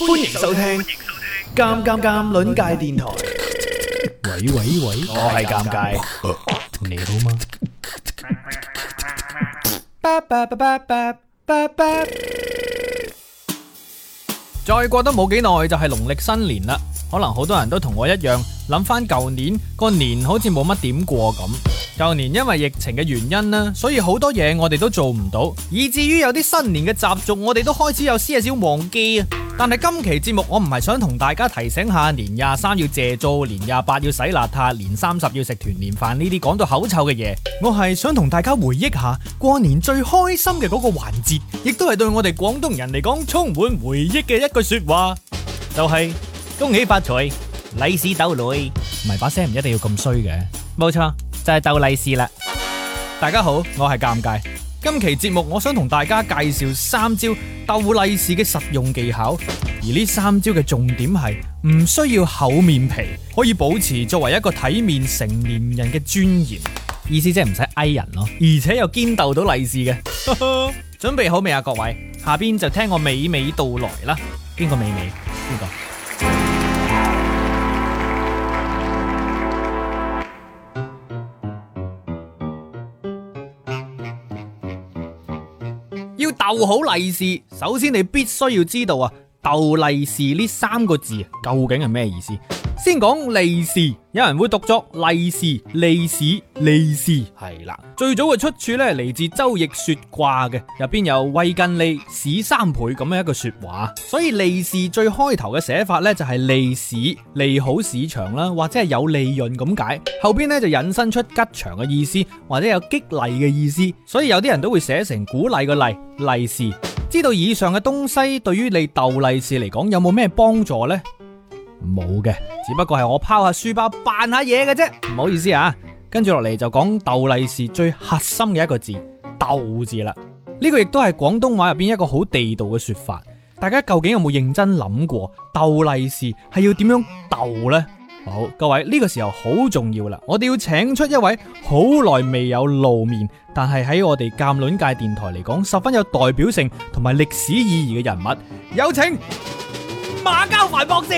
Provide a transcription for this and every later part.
歡迎收聽《尷尷尷》輪界電台。喂喂喂，喂我係尷尬， 你好嗎？再過得冇幾耐就係農曆新年啦，可能好多人都同我一樣諗翻舊年個年，年好似冇乜點過咁。舊年因為疫情嘅原因啦，所以好多嘢我哋都做唔到，以至於有啲新年嘅習俗我哋都開始有少少忘記啊。但係今期節目我唔係想同大家提醒下，年廿三要謝灶，年廿八要洗邋遢，年三十要食團年飯呢啲講到口臭嘅嘢。我係想同大家回憶下過年最開心嘅嗰個環節，亦都係對我哋廣東人嚟講充滿回憶嘅一句說話，就係、是、恭喜發財，利是逗來。唔係把聲唔一定要咁衰嘅，冇錯。就係鬥利是啦！大家好，我係尷尬。今期節目我想同大家介紹三招鬥利是嘅實用技巧，而呢三招嘅重點係唔需要厚面皮，可以保持作為一個體面成年人嘅尊嚴，意思即係唔使欺人咯，而且又堅鬥到利是嘅。 準備好未啊，各位？下邊就聽我娓娓道來啦。邊個娓娓？邊個。逗好利是，首先你必須要知道啊，逗利是呢三個字究竟係咩意思？先講利是，有人會讀作利是。利是，利，利是，係啦。最早嘅出處呢嚟自《周易說卦》嘅，入邊有“為近利市三倍”咁樣一句說話。所以利是最開頭嘅寫法呢，就係利是，利好市場啦，或者係有利潤咁解。後邊呢，就引申出吉祥嘅意思，或者有激勵嘅意思。所以有啲人都會寫成鼓勵嘅利。利是，知道以上嘅東西對於你逗利是嚟講有冇咩幫助呢？冇嘅，只不過係我拋下書包扮下嘢嘅啫。唔好意思啊，跟住落嚟，就講斗利是最核心嘅一個字斗字啦。呢個亦都係廣東話入邊一個好地道嘅說法。大家究竟有冇認真諗過斗利是係要點樣斗呢？好，各位呢個時候好重要啦，我哋要請出一位好耐未有露面，但係喺我哋鑑論界電台嚟講十分有代表性同埋歷史意義嘅人物，有請。馬交凡博士，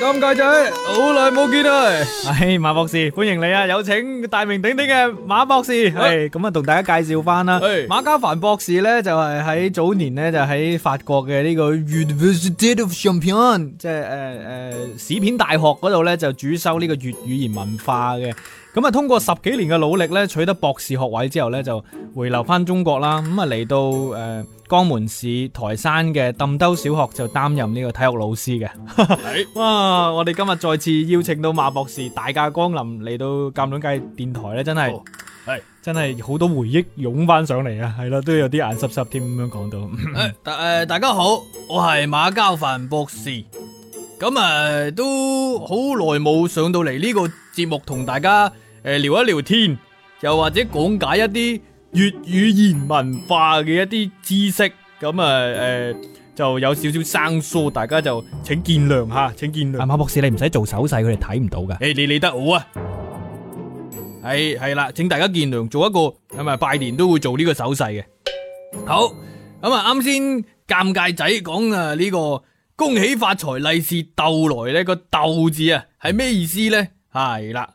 金戒仔，好耐冇見啦！哎，馬博士，歡迎你啊！有請大名鼎鼎嘅馬博士，係咁啊，同大家介紹翻啦。啊、馬家凡博士呢，就係、是、喺早年呢，就喺法國嘅呢個 University of Champagne 即係誒誒史片大學嗰度呢，就主修呢個粵語言文化嘅。咁啊，通過十幾年嘅努力呢，取得博士學位之後呢，就回流翻中國啦。咁、嗯、啊，嚟到誒、呃、江門市台山嘅氹兜小學就擔任呢個體育老師嘅。哈哈啊啊！我哋今日再次邀請到馬博士大駕光臨嚟到鑑論界電台咧，真係係真係好多回憶湧翻上嚟啊！係咯，都有啲眼濕濕添咁樣講到。誒，大誒大家好，我係馬交凡博士。咁啊，都好耐冇上到嚟呢個節目同大家誒聊一聊天，又或者講解一啲粵語言文化嘅一啲知識。咁啊，誒。就有少少生疏，大家就請見諒嚇，請見諒下。阿馬、啊、博士，你唔使做手勢，佢哋睇唔到嘅。誒，你理得好啊，係係啦。請大家見諒，做一個係咪拜年都會做呢個手勢嘅。 好，咁啊，啱先，尷尬仔講啊呢、呢個恭喜發財利是逗來呢個逗字啊係咩意思咧？係啦。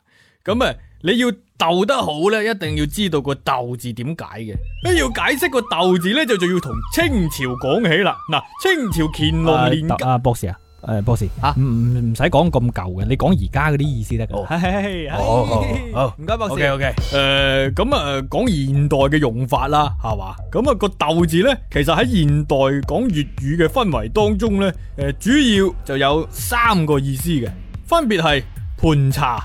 咁啊，你要斗得好咧，一定要知道個斗字點解嘅。要解釋個斗字咧，就就要同清朝講起啦。嗱，清朝乾隆年間啊，博士啊，誒、uh,，博士吓，唔唔使講咁舊嘅，你講而家嗰啲意思得。哦，係係，好唔該，博士。O K O K，誒，咁啊，講現代嘅用法啦，係嘛？咁啊，個斗字咧，其實喺現代講粵語嘅氛圍當中咧，誒，主要就有三個意思嘅，分別係盤查。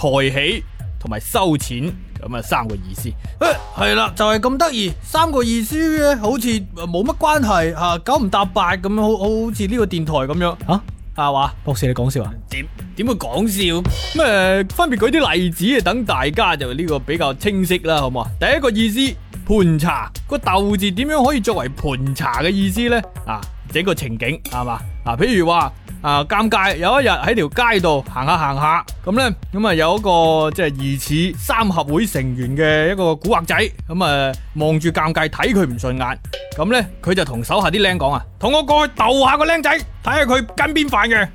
抬起同埋收錢，咁啊三個意思，係、哎、啦就係咁得意，三個意思嘅好似冇乜關係吓，九唔搭八咁樣，好、啊、好似呢個電台咁樣吓，係、啊、嘛、啊、博士你講笑啊？點點會講笑？咁、嗯呃、分別舉啲例子啊，等大家就呢個比較清晰啦，好唔好？第一個意思，盤查，個逗字點樣可以作為盤查嘅意思咧？啊，整個情景係嘛？嗱、啊，譬如話。啊！尷尬有一日喺條街度行下行下，咁呢，咁啊有一個即係疑似三合會成員嘅一個古惑仔，咁啊望住尷尬睇佢唔順眼，咁呢，佢就同手下啲僆講啊，同我過去鬥下個僆仔，睇下佢跟邊範嘅，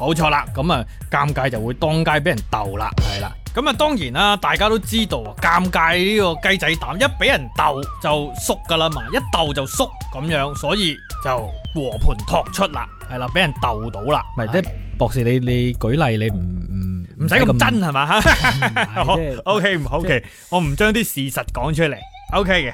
冇錯啦，咁啊尷尬就會當街俾人鬥啦，係啦，咁啊當然啦、啊，大家都知道啊，尷尬呢個雞仔膽一俾人鬥就縮噶啦嘛，一鬥就縮咁樣，所以就和盤托出啦，係啦，俾人逗到啦。唔係是，即的博士，你你，你舉例，你唔唔唔使咁真係嘛？嚇，O K 唔 O K，我唔將啲事實講出嚟，O K 嘅。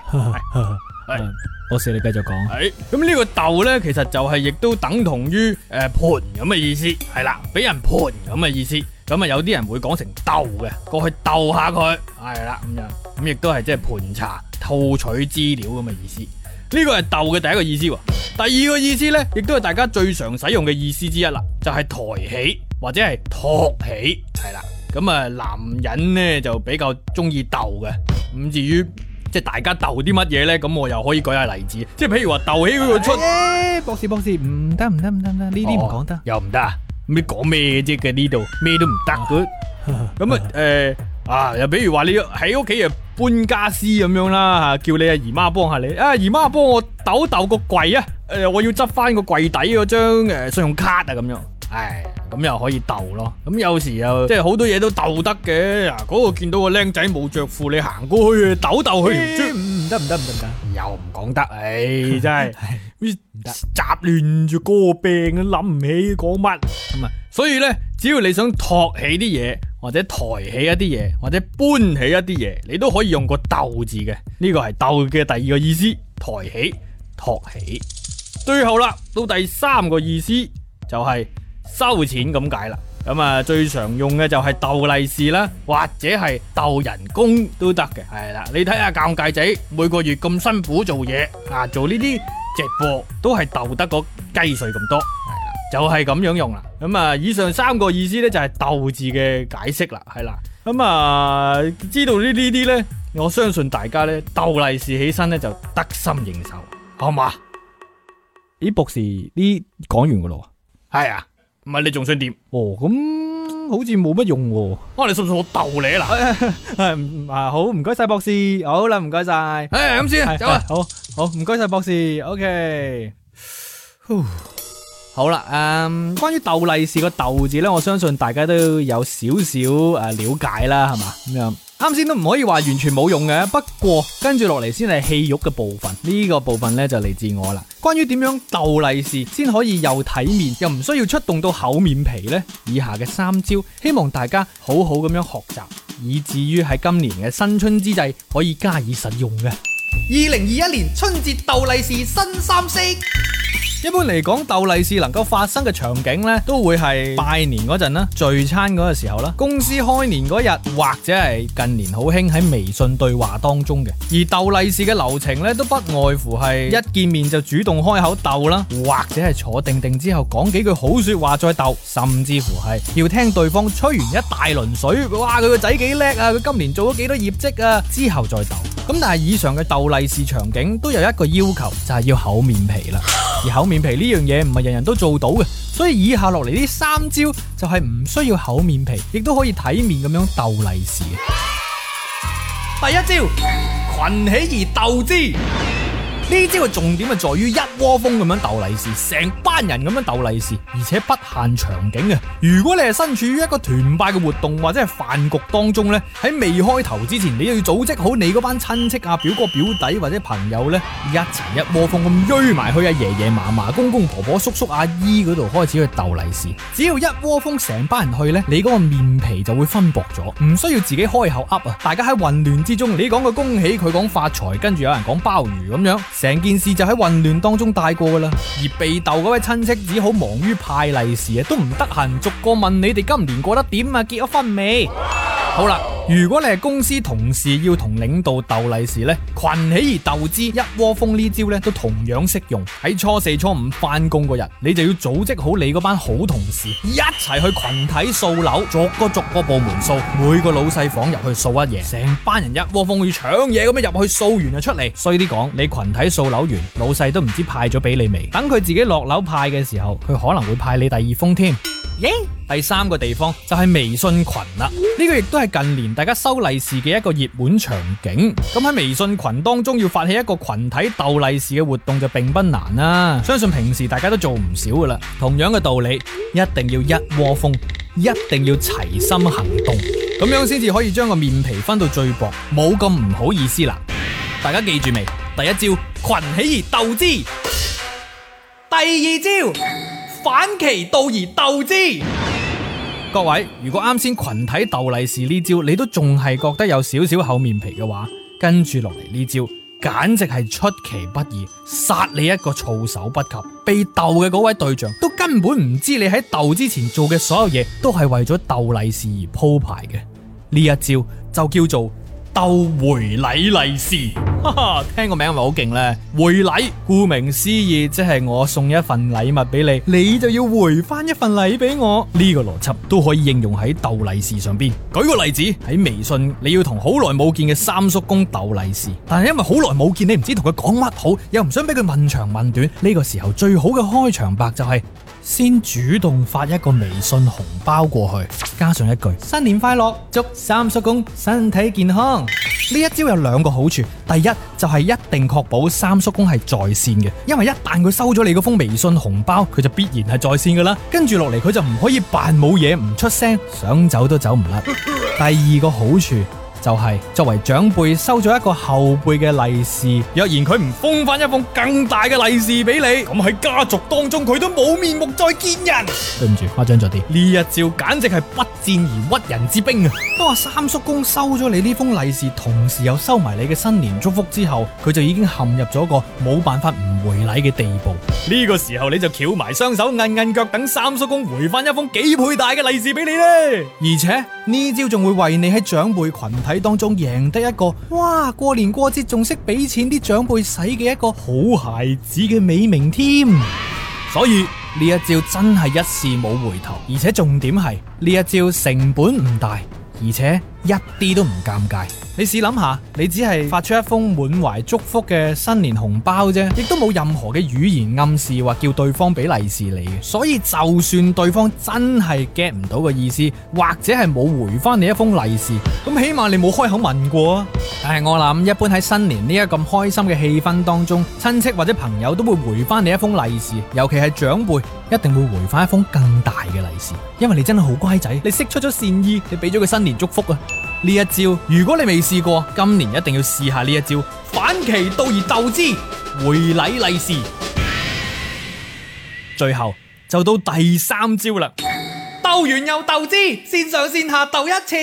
Okay、 博士你繼續講。係，咁呢個逗咧，其實就係、是、亦都等同於誒盤咁嘅意思，係啦，俾人盤咁嘅意思。咁啊有啲人會講成逗嘅，過去逗下佢，係啦，咁樣，咁亦都係即係盤查、套取，取資料咁嘅意思。呢個係逗嘅第一個意思喎，第二個意思咧，亦都係大家最常使用嘅意思之一啦，就係、是、抬起或者係托起，係啦。咁啊，男人咧就比較中意逗嘅，唔至於即係大家逗啲乜嘢咧。咁我又可以舉下例子，即係譬如話逗起佢搵出、哎？博士博士唔得唔得唔得唔得呢啲唔講得，又唔得，唔，你講咩啫？呢度咩都唔得嘅。咁啊誒啊，又比如話你喺屋企啊。搬家師咁樣啦吓，叫你阿姨媽幫下你啊，姨媽幫我抖抖個櫃啊，誒、呃，我要執翻個櫃底嗰張誒信用卡啊，咁樣，唉，咁又可以逗咯，咁、嗯、有時又即係好多嘢都逗得嘅，嗱，嗰個見到個靚仔冇着褲，你行過去抖抖佢，唔得唔得唔得唔得，又唔講得，唉，真係 不行 雜亂住個病，諗唔起講乜，咁啊、嗯，所以咧，以只要你想托起啲嘢，或者抬起一啲嘢，或者搬起一啲嘢，你都可以用個逗字嘅，呢個係逗嘅第二個意思，抬起、托起。最後啦，到第三個意思就係收錢咁解啦。咁啊，最常用嘅就係逗利是啦，或者係逗人工都得嘅，係啦。你睇下尷尬仔每個月咁辛苦做嘢啊，做呢啲直播都係逗得個雞碎咁多。就係咁樣用啦，咁啊，以上三個意思咧就係逗字嘅解釋啦，係啦，咁啊、嗯，知道呢呢啲咧，我相信大家咧逗利是起身咧就得心應手，好嘛？咦，博士呢講完噶咯？係啊，唔係你仲想點？哦，咁好似冇乜用喎，啊。啊，你信唔信我逗你啦？係啊，好，唔該晒博士，好啦，唔該晒。誒，咁先，走啊，好好，唔該晒博士，OK。好啦，誒、嗯，關於鬥利是個鬥字呢，我相信大家都有少少誒、呃、了解啦，係嘛咁樣。啱先都唔可以話完全冇用嘅，不過跟住落嚟先係戲肉嘅部分。呢、這個部分呢就嚟自我啦。關於點樣鬥利是先可以又體面又唔需要出動到厚面皮呢？以下嘅三招希望大家好好咁樣學習，以至於喺今年嘅新春之際可以加以實用嘅。二零二一年春節鬥利是新三式。一般嚟講，斗利是能夠發生嘅場景呢，都會係拜年嗰陣啦，聚餐嗰個時候啦，公司開年嗰日，或者係近年好興喺微信對話當中嘅。而斗利是嘅流程呢，都不外乎係一見面就主動開口斗啦，或者係坐定定之後講幾句好說話再斗，甚至乎係要聽對方吹完一大輪水，哇佢個仔幾叻啊，佢今年做咗幾多業績啊，之後再斗。咁但係以上嘅斗利是場景，都有一個要求，就係要厚面皮啦。而厚面皮呢樣嘢唔係人人都做到嘅，所以以下落嚟呢三招就係唔需要厚面皮，亦都可以體面咁樣逗利是嘅。 第一招，群起而逗之。呢招嘅重點啊，在於一窩蜂咁樣斗利是，成班人咁樣斗利是，而且不限場景啊！如果你係身處於一個團拜嘅活動或者係飯局當中呢，喺未開頭之前，你就要組織好你嗰班親戚啊、表哥表弟或者朋友呢，一齊一窩蜂咁追埋去阿爺爺嫲嫲、公公婆婆、叔叔阿姨嗰度開始去斗利是。只要一窩蜂成班人去呢，你嗰個面皮就會分薄咗，唔需要自己開口噏啊！大家喺混亂之中，你講個恭喜，佢講發財，跟住有人講鮑魚咁樣。成件事就喺混亂當中帶過噶啦，而被逗嗰位親戚只好忙於派利是啊，都唔得閒逐個問你哋今年過得點啊，結咗婚未？好啦，如果你係公司同事要同領導斗利是咧，群起而斗之，一窩蜂呢招咧都同樣適用。喺初四初五翻工嗰日，你就要組織好你嗰班好同事一齊去群體掃樓，逐個逐個部門掃，每個老細房入去掃一嘢，成班人一窩蜂要搶嘢咁樣入去掃完就出嚟。衰啲講，你群體掃樓完，老細都唔知派咗俾你未？等佢自己落樓派嘅時候，佢可能會派你第二封添。Yeah. 第三個地方就係微信群啦，呢個亦都係近年大家收利是嘅一個熱門場景。咁喺微信群當中要發起一個群體逗利是嘅活動就並不難啦，相信平時大家都做唔少噶啦。同樣嘅道理，一定要一窩蜂、蜂，一定要齊心行動，咁樣先至可以將個面皮翻到最薄，冇咁唔好意思啦。大家記住未？第一招群起而鬥之，第二招反其道而鬥之。各位，如果啱先群體鬥利是呢招，你都仲係覺得有少少厚面皮嘅話，跟住落嚟呢招簡直係出其不意，殺你一個措手不及。被斗嘅嗰位對象都根本唔知你喺鬥之前做嘅所有嘢，都係為咗鬥利是而鋪排嘅。呢一招就叫做斗回禮利是。聽個名咪好勁呢？回禮，顧名思義即係我送一份禮物俾你，你就要回翻一份禮俾我。呢個邏輯都可以應用喺鬥利是上邊。舉個例子喺微信，你要同好耐冇見嘅三叔公鬥利是，但係因為好耐冇見，你唔知同佢講乜好，又唔想俾佢問長問短，呢個時候最好嘅開場白就係。先主動發一個微信紅包過去，加上一句新年快樂，祝三叔公身體健康。呢一招有兩個好處，第一就係、是、一定確保三叔公係在線嘅，因為一旦佢收咗你嗰封微信紅包，佢就必然係在線㗎喇。跟住落嚟佢就唔可以扮冇嘢，唔出聲，想走都走唔甩。 第二個好處。就係、是、作為長輩收咗一個後輩嘅利是，若然佢唔封翻一封更大嘅利是俾你，咁喺家族當中佢都冇面目再見人。對唔住，誇張咗啲。呢一招簡直係不戰而屈人之兵啊！都話三叔公收咗你呢封利是，同時又收埋你嘅新年祝福之後，佢就已經陷入咗個冇辦法唔回禮嘅地步。呢個時候你就翹埋雙手，硬硬腳，等三叔公回翻一封幾倍大嘅利是俾你咧。而且呢招仲會為你喺長輩群。喺當中贏得一個哇，過年過節仲識俾錢啲長輩使嘅一個好孩子嘅美名添，所以呢一招真係一試冇回頭，而且重點係呢一招成本唔大，而且。一啲都唔尷尬。你試諗下，你只係發出一封滿懷祝福嘅新年紅包啫，亦都冇任何嘅語言暗示或叫對方俾利是你。所以就算對方真係 get 唔到個意思，或者係冇回翻你一封利是，咁起碼你冇開口問過啊。但係我諗，一般喺新年呢一咁開心嘅氣氛當中，親戚或者朋友都會回翻你一封利是，尤其係長輩一定會回翻一封更大嘅利是，因為你真係好乖仔，你識出咗善意，你俾咗佢新年祝福啊！呢一招如果你未試過，今年一定要試下呢一招反其道而逗之，回禮利是。最後就到第三招啦，逗完又逗之，線上線下逗一次。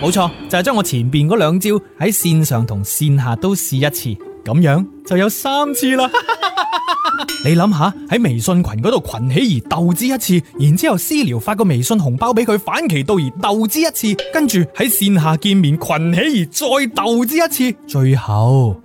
冇錯，就係、是、將我前面嗰兩招喺線上同線下都試一次。咁樣就有三次啦。 你諗下喺微信群嗰度群起而逗之一次，然之後私聊發個微信紅包俾佢，反其道而逗之一次，跟住喺線下見面群起而再逗之一次，最後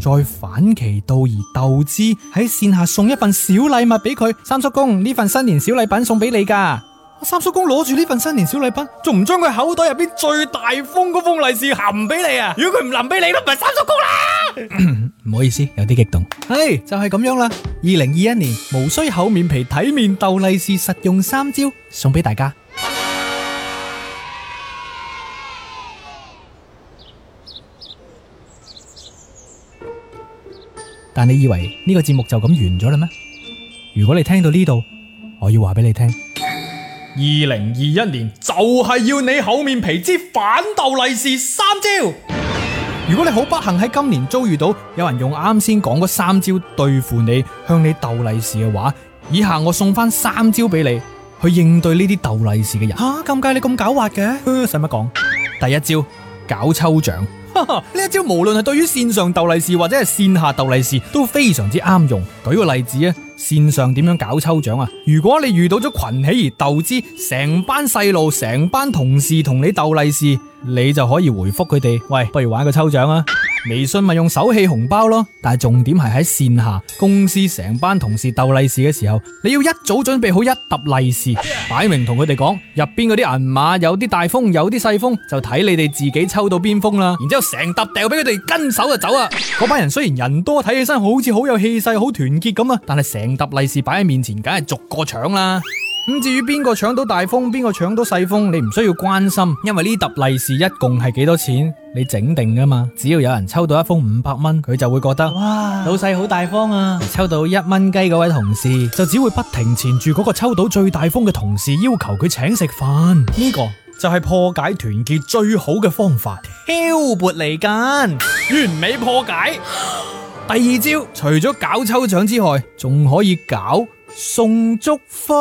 再反其道而逗之喺線下送一份小禮物俾佢。三叔公，呢份新年小禮品送俾你噶。三叔公攞住呢份新年小禮品，仲唔將佢口袋入邊最大封封利是含俾你啊？如果佢唔含俾你，都唔係三叔公啦！唔 好意思，有啲激動。唉，hey，就係咁樣啦。二零二一年，無須厚面皮，體面逗利是，實用三招送俾大家。 但你以為呢個節目就咁完咗啦咩？如果你聽到呢度，我要話俾你聽。二零二一年就係、是、要你厚面皮之反逗利是三招。如果你好不幸喺今年遭遇到有人用啱先講嗰三招對付你，向你逗利是嘅話，以下我送翻三招俾你去應對呢啲逗利是嘅人。吓、啊，咁解你咁狡猾嘅，使乜講？第一招搞抽獎，呢 一招無論係對於線上逗利是或者係線下逗利是都非常之啱用。舉個例子啊。線上點樣搞抽獎啊？如果你遇到咗群起而鬥之，成班細路、成班同事同你斗利是，你就可以回覆佢哋：喂，不如玩個抽獎啊。微信咪用手氣紅包咯，但係重點係喺線下公司成班同事鬥利是嘅時候，你要一早準備好一沓利是，擺明同佢哋講，入邊嗰啲銀碼有啲大風，有啲細風，就睇你哋自己抽到邊風啦。然之後成沓掉俾佢哋，跟手就走啊！嗰班人雖然人多，睇起身好似好有氣勢、好團結咁啊，但係成沓利是擺喺面前，梗係逐個搶啦。咁至於邊個搶到大封，邊個搶到細封，你唔需要關心，因為呢沓利是一共係幾多錢，你整定㗎嘛。只要有人抽到一封五百蚊，佢就會覺得哇，老細好大方啊！抽到一蚊雞嗰位同事，就只會不停纏住嗰個抽到最大封嘅同事，要求佢請食飯。呢個就係破解團結最好嘅方法，挑撥離間， 完美破解。 第二招，除咗搞抽獎之外，仲可以搞。送祝福，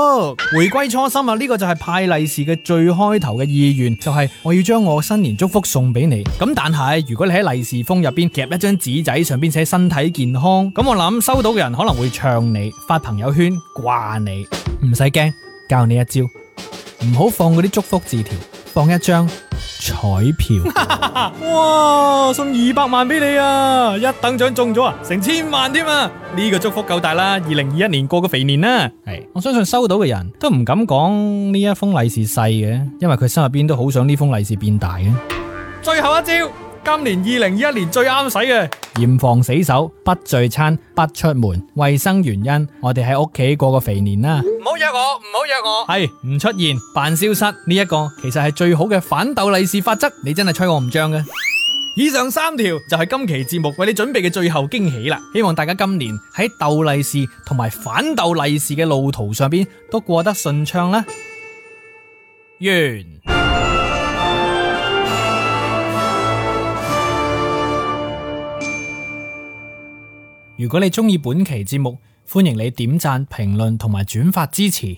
回歸初心啊！呢個就係派利是嘅最開頭嘅意願，就係我要將我新年祝福送俾你。咁但係，如果你喺利是封入邊夾一張紙仔，上邊寫身體健康，咁我諗收到嘅人可能會唱你，發朋友圈掛你。唔使驚，教你一招，唔好放嗰啲祝福字條，放一張，彩票 哇，送二百萬俾你啊！一等獎中咗啊，成千萬添啊！呢、呢個祝福夠大啦，二零二一年過個肥年啦。係，我相信收到嘅人都唔敢講呢一封利是細嘅，因為佢心入邊都好想呢封利是變大嘅。最後一招。今年二零二一年最啱使嘅，嚴防死守，不聚餐，不出門，衛生原因，我哋喺屋企過個肥年啦。唔好約我，唔好約我，係唔出現，扮消失呢一個，其實係最好嘅反逗利是法則。你真係吹我唔脹嘅。以上三條就係今期節目為你準備嘅最後驚喜啦。希望大家今年喺逗利是同埋反逗利是嘅路途上邊都過得順暢啦。完。如果你中意本期節目，歡迎你點讚、評論同埋轉發支持。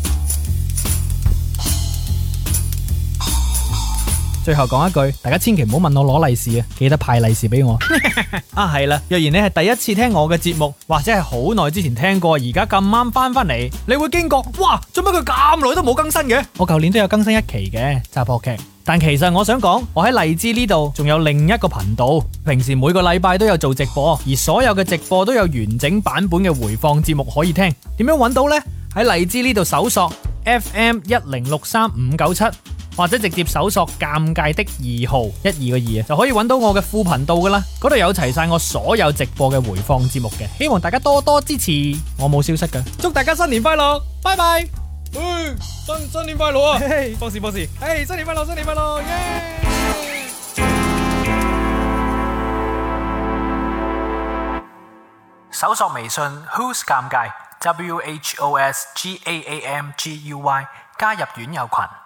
最後講一句，大家千祈唔好問我攞利是啊！記得派利是俾我。 啊係啦，若然你係第一次聽我嘅節目，或者係好耐之前聽過，而家咁啱翻返嚟，你會驚覺，哇，做乜佢咁耐都冇更新嘅？我舊年都有更新一期嘅雜播劇。但其實我想講，我喺荔枝呢度仲有另一個頻道，平時每個禮拜都有做直播，而所有嘅直播都有完整版本嘅回放節目可以聽。點樣揾到呢？喺荔枝呢度搜索 FM 一零六三五九七，或者直接搜索尷尬的二號一二個二就可以揾到我嘅副頻道噶啦。嗰度有齊晒我所有直播嘅回放節目嘅，希望大家多多支持。我冇消失噶，祝大家新年快樂，拜拜。嗯，新新年快樂啊！恭喜，恭喜，哎，新年快樂，新年快樂，耶！搜索微信，Who's 尷尬，W H O S G A A M G U Y，加入院友群。